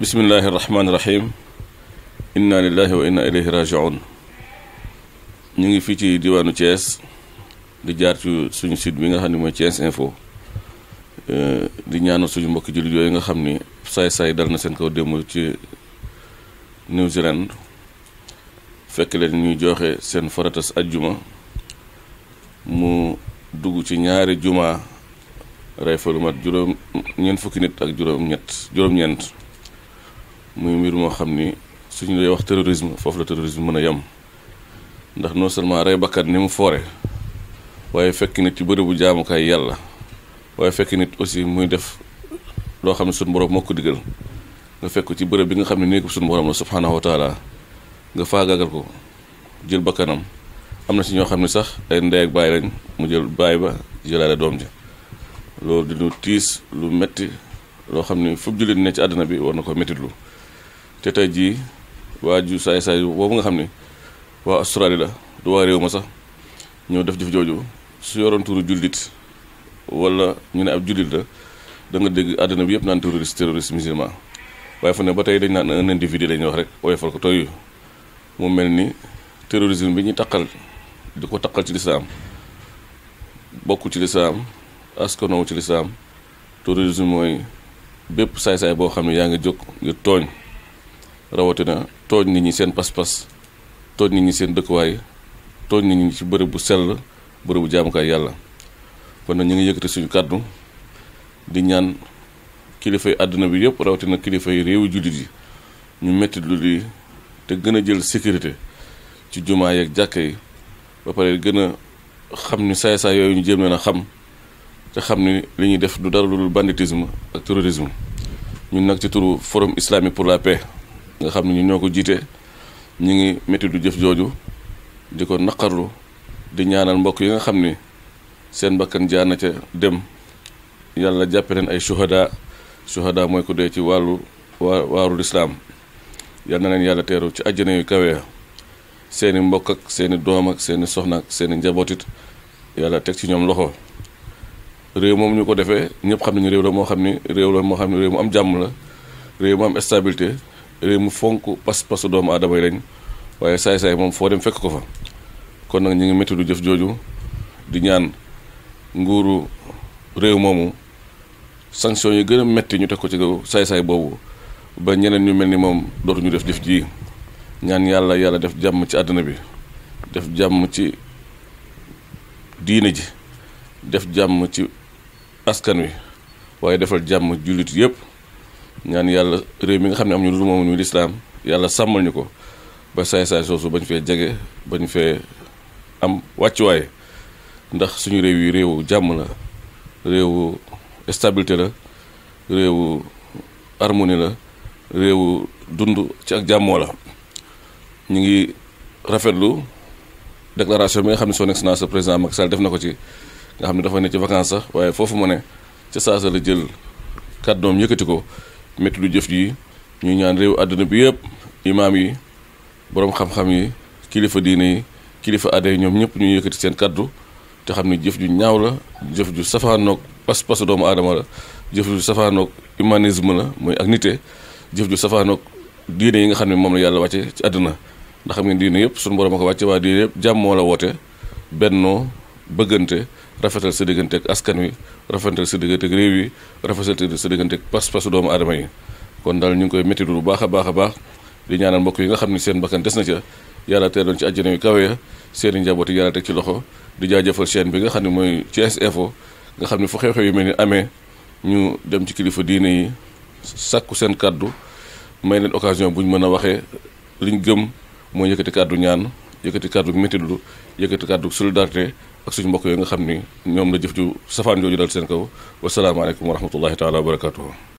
bismillahi irrahmaani irahim inna lillahi wa inna ilayhi rajiun ñu ngi fii ci diwaanu Thiès di jaar ci suñu sit bi nga xam ni mooy Thiès info eh, di ñaanal suñu mbokki jullit yooyu nga xam ni saay-saay dal na seen kaw démb ci New Zealand fekk leen ñuy joxe seen faratas ajjuma mu dugg ci ñaari jumaa rey fa lu mat juróom ñeent fukki nit ak juróom-ñett muy mbir moo xam ni suñu lay wax terrorisme foofu la terrorisme mën a yem ndax non seulement rey bakkan ni mu foore waaye fekk nit ci bërëbu jaamukaay yàlla waaye fekk nit aussi muy def loo xam ne suñu borom moo ko digal nga fekk ci bërëb bi nga xam ne néegu suñu borom la subhaanahu wa taala nga faagaagal ko jël bakkanam am na si ñoo xam ne sax ay ndey ak baay lañ mu jël baay ba jëlaale doom ji loolu di lu tiis lu metti loo xam ne fu jullit ne ci àddina bi war na ko mettitlu te tey jii waa ju saay saay boobu nga xam ni waa Australie la du waa réew ma sax ñoo def jëf jooju su yoroon tuuru jullit wala ñu ne ab jullit la da dégg àddina bi yëpp naan terroriste terroriste waaye fu ne ba tey dañ naan un individu la ñuy wax rek tooy mu mel ni terrorisme bi ñu taqal di ko taqal ci lislaam bokk ci lislaam askanawu ci lislaam terrorisme mooy bépp saay-saay boo xam ne yaa ngi jóg ngir tooñ rawatina tooñ nit ñi seen pas-pas tooj ni ñi seen dëkkuwaay tooj nit ñi ci bërëb bu sell bërëb bu jaamukaay yàlla kon nag ñu ngi yëkkati suñu kàddu di ñaan kilifay àdduna bi yëpp rawatina kilifay réewu jullit yi ñu metti lu lii te gën a jël sécurité ci jumaa yeeg jàkka yi ba pare gën a xam ni saay-saay yooyu ñu jéem leen a xam te xam ni li ñuy def du dara lu dul banditisme ak terrorisme ñun nag ci turu forum islamique pour la paix nga xam ne ñu ñoo ko jiite ñu ngi métti du jëf jooju di ko naqarlu di ñaanal mbokk yi nga xam ni seen bakkan jaar na ca dem yàlla jàppe leen ay suhada suhada mooy ko dee ci wàllu waa waaru lislaam yal na leen yàlla teeru ci àjjana yu kawe seeni mbokk ak seeni doom ak seeni soxna ak seeni njaboot yàlla teg ci ñoom loxo réew moom ñu ko defee ñëpp xam nañu réew la moo xam ni réew la moo xam ni réew mu am jàmm la réew mu am stabilité réew mu fonk pas-pasu doomu aadama yi lañ waaye saay-saay moom foo dem fekk ko fa kon nag ñu ngi métti du jëf jooju di ñaan nguuru réew moomu sanction yi gën a metti ñu teg ko ci kaw saay-saay boobu ba ñeneen ñu mel ni moom dootuñu def jëf ji ñaan yàlla yàlla def jàmm ci àdduna bi def jàmm ci diine ji def jàmm ci askan wi waaye defal jàmm jullit yépp ñaan yàlla réew mi nga xam ne am ñu lu moomu ñu lislaam yàlla sàmmal ñu ko ba saay-saay soosu bañ fee jege bañ fee am wàccuwaay ndax suñu réew yi réewu jàmm la réew stabilité la réew harmonie la réew dund ci ak jàmmoo la ñu ngi rafetlu déclaration bi nga xam ne son excellence président Macky Sall def na ko ci nga xam ne dafa ne ci vacances sax waaye foofu ma ne ca saasa la jël kàddoom yëkkati ko métti lu jëf ji ñuy ñaan réew àdduna bi yëpp imaam yi boroom xam-xam yi kilifa diine yi kilifa aada yi ñoom ñëpp ñu yëkkati seen kàddu te xam ne jëf yu ñaaw la jëf ju safaanoog pas-pasu doomu aadama la jëf ju safaanoog humanisme la mooy ak jëf ju safaanoog diine yi nga xam ne moom la yàlla wàcce ci àdduna ndax xam ngeen diine yëpp suñu borom a ko wàcce waa diine yëpp jàmm moo la woote bennoo bëggante rafetal sa diggante ak askan wi rafetal sa diggante ak réew wi rafetal sa diggante ak pas-pasu doomu aadama yi kon daal ñu ngi koy métti lu baax a baax a baax di ñaanal mbokk yi nga xam ni seen bakkan des na ca yàlla tee doon ci àjjana yu kawe ya seen i njaboot yi yàlla teg ci loxo di jaajëfal chaîne bi nga xam ne mooy Thiès nga xam ne fu xew-xew yu mel ni amee ñu dem ci kilifa diine yi sakku seen kàddu may leen occasion buñ mën a waxee liñ gëm mooy yëkkati kàddu ñaan yëkkati kàddu métitlu yëkkati kàddu solidarité ak suñu mbokk yooyu nga xam ni ñoom la jëf ju safaan jooju dal seen kaw wasalaamaaleykum wa rahmatullahi taala wa barakatuhu